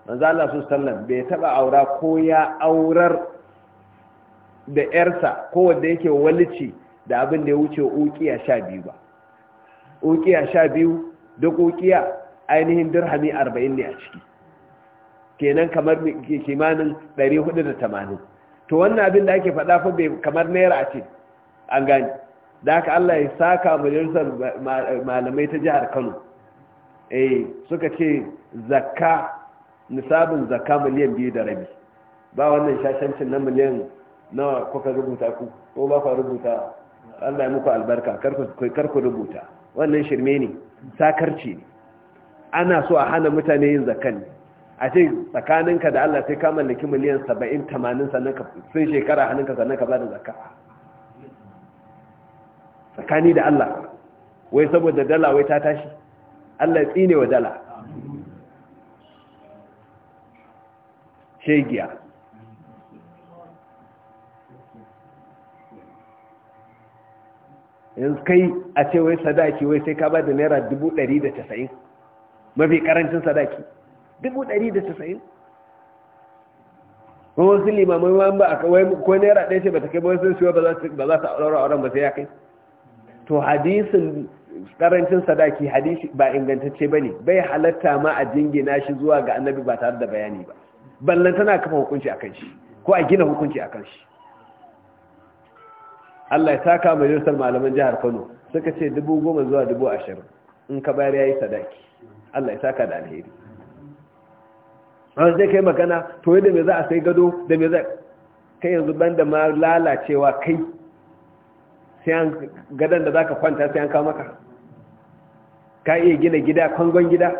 Speaker 1: manzo Allah su sallam bai taba aura ko ya aurar da yarsa ko wanda yake walici da abin da ya wuce ukiya sha biyu ba ukiya sha biyu duk ukiya ainihin dirhami arba'in ne a ciki kenan kamar kimanin ɗari hudu da tamanin to wannan abin da ake faɗa fa bai kamar naira a ce an gani da aka Allah ya saka majalisar malamai ta jihar Kano eh suka ce zakka nisabin zakka miliyan biyu da rabi ba wannan shashancin na miliyan nawa kuka rubuta ku ko ba ku rubuta Allah ya muku albarka kar ku rubuta wannan shirme ne sakarci ne ana so a hana mutane yin zakkan a ce tsakaninka da Allah sai ka mallaki miliyan 70 80 sannan ka sun shekara hannunka sannan ka bada zaka tsakani da Allah wai saboda dala wai ta tashi Allah ya tsine wa dala shegiya yanzu kai a ce wai sadaki wai sai ka ba da naira 190 mafi karancin sadaki dubu ɗari da tasa'in kuma wasu limamai ma ba a kawai ko naira ɗaya ce ba ta kai ba sun siyo ba za su aure auren ba sai ya kai to hadisin karancin sadaki hadisi ba ingantacce ba ne bai halatta ma a jingina shi zuwa ga annabi ba tare da bayani ba ballan tana kafa hukunci a kan shi ko a gina hukunci a kan shi Allah ya saka majalisar malaman jihar Kano suka ce dubu goma zuwa dubu ashirin in ka bayar ya yi sadaki Allah ya saka da alheri an sai kai magana to yadda me za a sai gado da me za kai yanzu banda ma lalacewa kai sai an gadon da za ka kwanta sai an kawo maka ka iya gina gida kwangon gida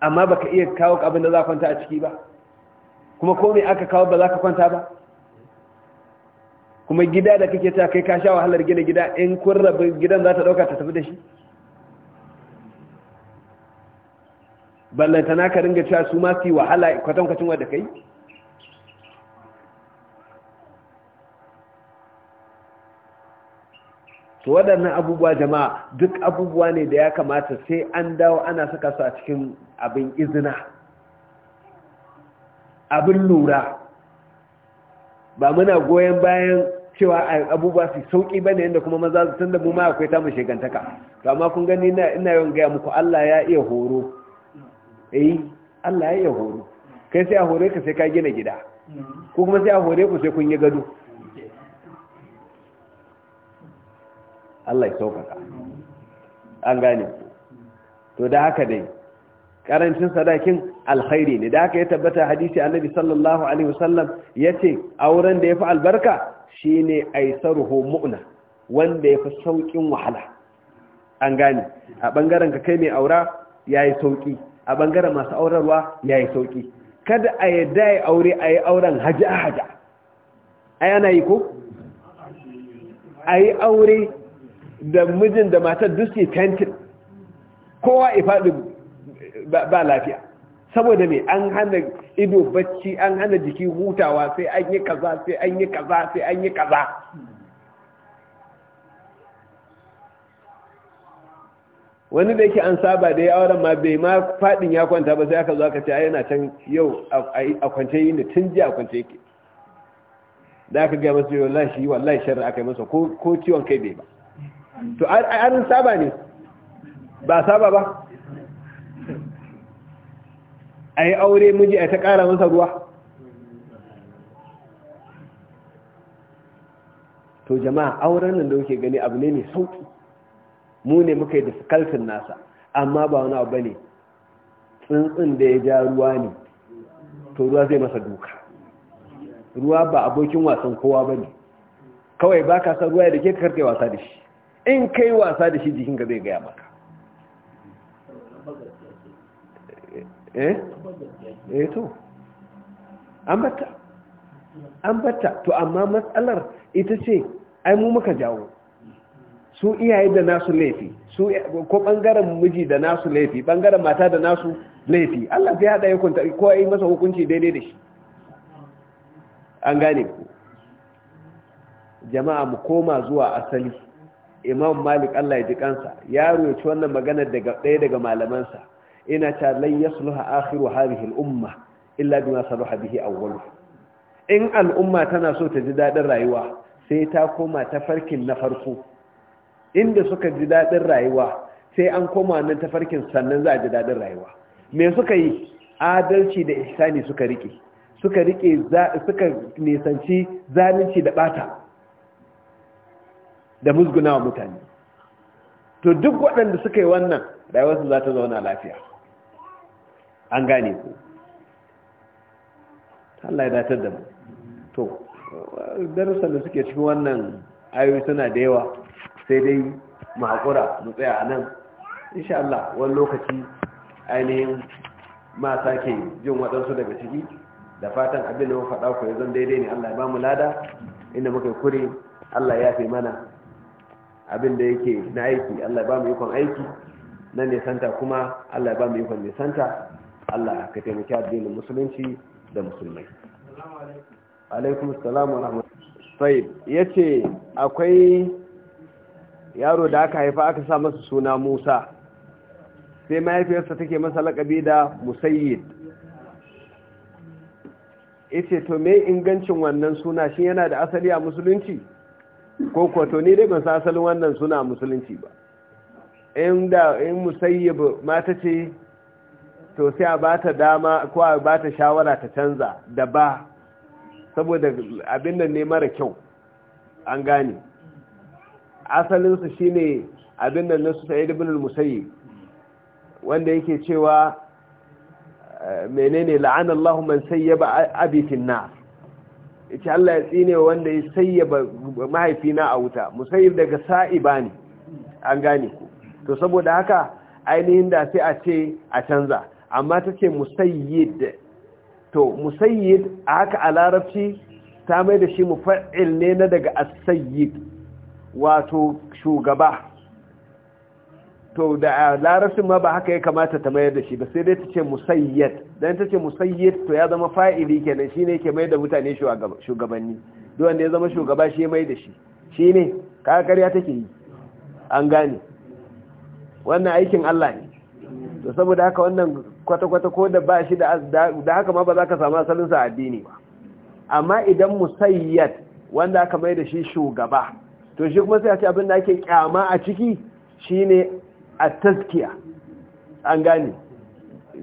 Speaker 1: amma ba ka iya kawo abin da za kwanta a ciki ba kuma komai aka kawo ba za ka kwanta ba kuma gida da kake ta kai ka sha wahalar gina gida in kun rabu gidan za ta dauka ta tafi da shi ballantana ka ringa cewa su ma su yi wahala kwatankwacin wadda kai to waɗannan abubuwa jama'a duk abubuwa ne da ya kamata sai an dawo ana saka su a cikin abin izina abin lura ba muna goyon bayan cewa abubuwa su sauƙi ba ne yadda kuma maza su tun da mu ma akwai tamu shegantaka to amma kun gani ina yawan gaya muku Allah ya iya horo eh Allah ya horo kai sai a hore ka sai ka gina gida ko kuma sai a hore ku sai kun yi gado Allah ya saukaka an gane ku to da haka dai karancin sadakin alkhairi ne da haka ya tabbata hadisi annabi sallallahu alaihi wasallam yace auren da yafi albarka shine aisaruhu mu'na wanda yafi saukin wahala an gane a bangaren ka kai mai aura yayi sauki a bangare masu aurarwa ya yi sauƙi. kada a yadda ya aure a yi auren haji a haja a yana yi ko a yi aure da mijin da matar duske tentin kowa ifaɗi ba lafiya saboda ne an hana ido bacci an hana jiki hutawa sai an yi kaza sai an yi kaza sai an yi kaza wani da yake an saba da ya auren ma bai ma fadin ya kwanta ba sai aka zo aka ce ai yana can yau a kwance yi ne tun ji a kwance yake da aka ga yau lashi shi wallahi sharri aka yi masa ko ciwon kai bai ba to an saba ne ba saba ba A yi aure miji a ta kara masa ruwa to jama'a auren nan da kuke gani abu ne mai sauki mu ne muka yi diskaltin nasa amma ba wani abu ne tsuntsun da ya ja ruwa ne to ruwa zai masa duka ruwa ba abokin wasan kowa ba ne kawai ba ka san ruwa da ke karfe wasa da shi in kai wasa da shi jikinka zai gaya maka eh eh to an batta an batta to amma matsalar ita ce ai mu muka jawo su iyaye da nasu laifi su ko bangaren miji da nasu laifi bangaren mata da nasu laifi Allah zai hada hukunta ko yi masa hukunci daidai da shi an gane ku jama'a mu koma zuwa asali imam malik Allah ya ji kansa ya ci wannan magana daga ɗaya daga malamansa ina ta lai yasluha akhiru hadhihi al-umma illa bima saluha bihi awwalu in al-umma tana so ta ji dadin rayuwa sai ta koma ta farkin na farko inda suka ji daɗin rayuwa sai an koma nan tafarkin sannan za a ji daɗin rayuwa me suka yi adalci da ihsani suka rike suka rike suka nisanci zalunci da bata da musgunawa mutane to duk waɗanda suka yi wannan rayuwarsu za ta zauna lafiya an gane ku Allah ya datar da mu to darussan da suke cikin wannan ayoyi suna da yawa sai dai mu haƙura mu tsaya a nan insha Allah wani lokaci ainihin ma sake jin waɗansu daga ciki da fatan abin da mu faɗa ku yanzu zan daidai ne Allah ya ba mu lada inda muka kure Allah ya fi mana abin da yake na aiki Allah ba mu ikon aiki na nisanta kuma Allah ba mu ikon nisanta Allah ka taimaki addinin musulunci da musulmai alaikum salam wa rahmatullahi sai yace akwai yaro da aka haifa aka sa masa suna musa sai mahaifiyarsa take masa lakabi da musayyid ita to me ingancin wannan suna shi yana da asali a musulunci ko to ni dai ban san asalin wannan suna musulunci ba in da in musayyib mata ce to sai a bata dama ko a bata shawara ta canza da ba saboda abin nan ne mara kyau an gane asalinsu shine abin nan na sa'id ibn al-musayyib wanda yake cewa eh, menene la'ana Allahu man sayyaba abi fi nar yace Allah ya tsine wanda ya sayyaba mahaifina a wuta musayyib daga sa'iba ne an gane ku to saboda haka ainihin da sai a ce a canza amma tace musayyid to musayyid a haka a larabci ta mai da shi mufa'il ne na daga as-sayyid wato shugaba to da larasin ma ba haka ya kamata ta mayar da shi ba sai dai ta ce musayyad dan ta ce musayyad to ya zama fa'ili kenan shine yake mai da mutane shugabanni don wanda ya zama shugaba shi mai da shi shine kaga ƙarya take yi an gane wannan aikin Allah ne to saboda haka wannan kwata-kwata ko da ba shi da haka ma ba za ka samu asalinsa addini ba amma idan musayyad wanda aka mai da shi shugaba to shi kuma sai a ce abin da ake kyama a ciki shine a taskiya an gane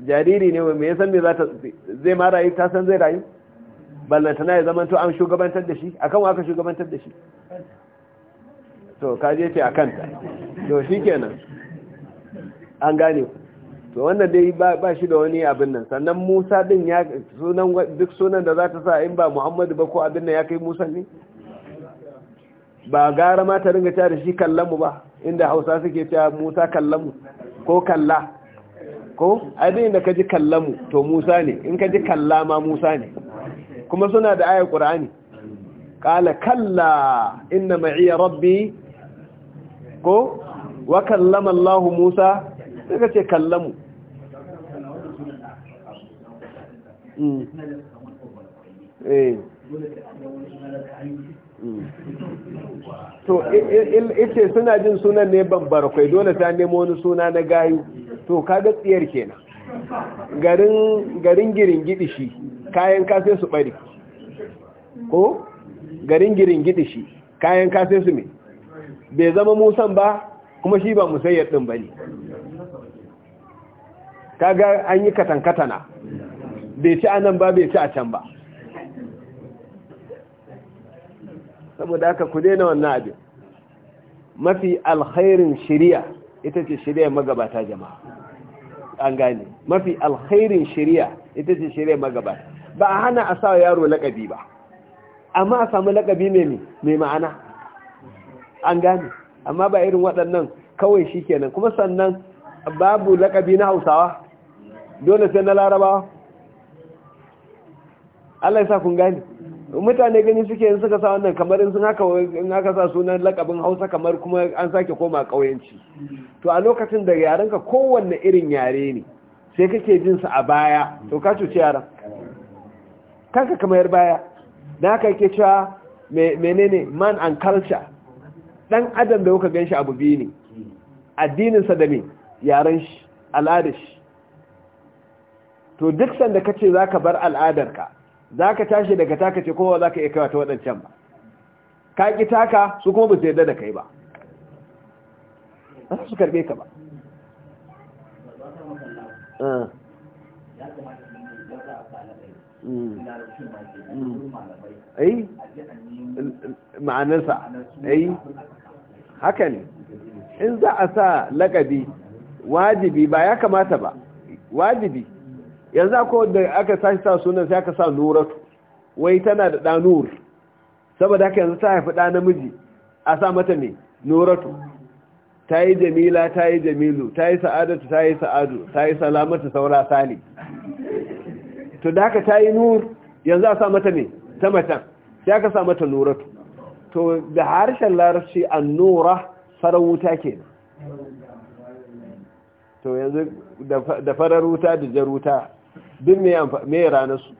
Speaker 1: jariri ne mai yasan me zai ma rayu ta san zai rayu ballantana ya zama to an shugabantar da shi akan waka shugabantar da shi to kaje ce a ta to shi kenan. an gane to wannan dai ba shi da wani abin nan sannan Musa din ya sunan duk sunan da za ta sa in ba Muhammadu ba ko abin nan ya kai Musa ne ba gara ma ta ringa ta da shi kallon mu ba inda hausa suke ta musa kallon mu ko kalla ko abin da ka ji kallon mu to musa ne in ka ji kalla ma musa ne kuma suna da ayar ƙura'ani ƙala kalla inna ma'iya rabbi ko wa kallama allahu musa suka ce kallon mu mm. eh Mm. to ita suna jin sunan ne bambara kwai dole ta nemo wani suna na gayu to kaga tsiyar kenan garin garin girin gidishi kayan ka sai su bari ko garin girin gidishi kayan ka sai su me bai zama musan ba kuma shi ba musayyar din bane kaga an yi katankatana bai ci anan ba bai ci a can ba saboda haka ku daina wannan abin mafi alkhairin shari'a ita ce shari'a magabata jama'a an gane mafi alkhairin shari'a ita ce shari'a magabata ba a hana a sa yaro lakabi ba amma a samu lakabi mai mai ma'ana an gane amma ba irin waɗannan kawai shi kenan kuma sannan babu lakabi na Hausawa dole sai na Larabawa Allah ya sa kun gane mutane gani suke yin suka sa wannan kamar in sun haka sa sunan lakabin Hausa kamar kuma an sake koma kauyanci to a lokacin da yaren ka kowanne irin yare ne sai kake jin su a baya to ka cuci yaran kanka kamar baya dan haka yake cewa menene man and culture dan adam da kuka ganshi abu biyu ne addinin sa da me yaren shi al'adar shi to duk sanda kace zaka bar al'adar ka za ka tashi daga taka ce kowa za ka iya kawata waɗancan ba ka ƙi taka su kuma ba su yarda da kai ba ba su karbe ka ba eh. Eh. ma'anarsa ai eh. haka ne in za a sa lakabi wajibi ba ya kamata ba wajibi yanzu ko da aka tashi sa sunan sai aka sa nuratu wai tana da danur saboda haka yanzu ta haifi ɗa namiji a sa mata ne nuratu ta yi jamila ta yi jamilu ta yi sa'adatu ta yi sa'adu ta yi salamatu saura sali to da haka ta yi nur yanzu a sa mata ne ta matan sai aka sa mata nuratu to da harshen larabci nura farar wuta ke to yanzu da farar wuta da jar wuta duk mai ranar su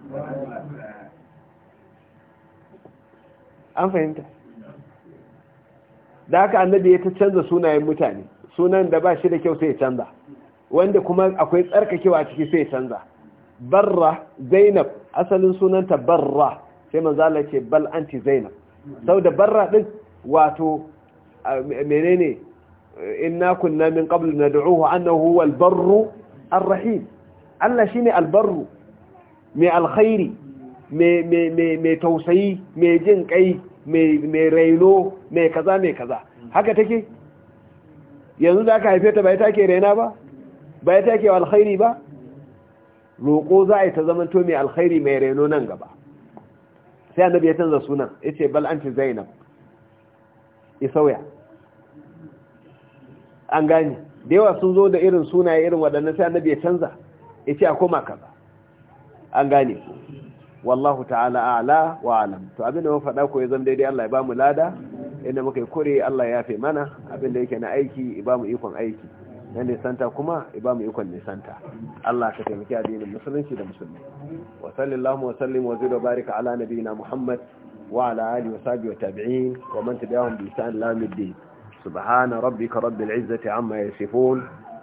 Speaker 1: an fahimta da aka annabi ya ta canza sunayen mutane sunan da ba shi da kyau sai ya canza wanda kuma akwai tsarkakewa a ciki sai ya canza barra zainab asalin sunanta barra sai manzala ce bal anti zainab sau da barra din wato menene inna kunna min qablu nad'uhu annahu wal barru ar-rahim Allah shi ne albarru mai alkhairi mai tausayi mai jin kai mai raino mai kaza mai kaza haka take yanzu da aka haife ta bai take raina ba bai take alkhairi ba roƙo za a yi ta zamanto mai alkhairi mai raino nan gaba sai annabi ya canza sunan ce bal anti zainab Ya sauya. an gane da yawa sun zo da irin sunaye irin waɗannan sai annabi ya canza yace a koma an gane ku wallahu ta'ala a'la wa alam to abinda mun faɗa ko ya zama daidai Allah ya bamu lada inda muka yi kure Allah ya yafe mana abinda yake na aiki ya bamu ikon aiki na nisanta kuma ya bamu ikon nisanta Allah ka taimaki addinin musulunci da musulmi wa sallallahu wa sallim wa wa barika ala nabiyina Muhammad wa ala alihi wa sahbihi wa tabi'in wa man tabi'ahum bi ihsan ila yawm الدين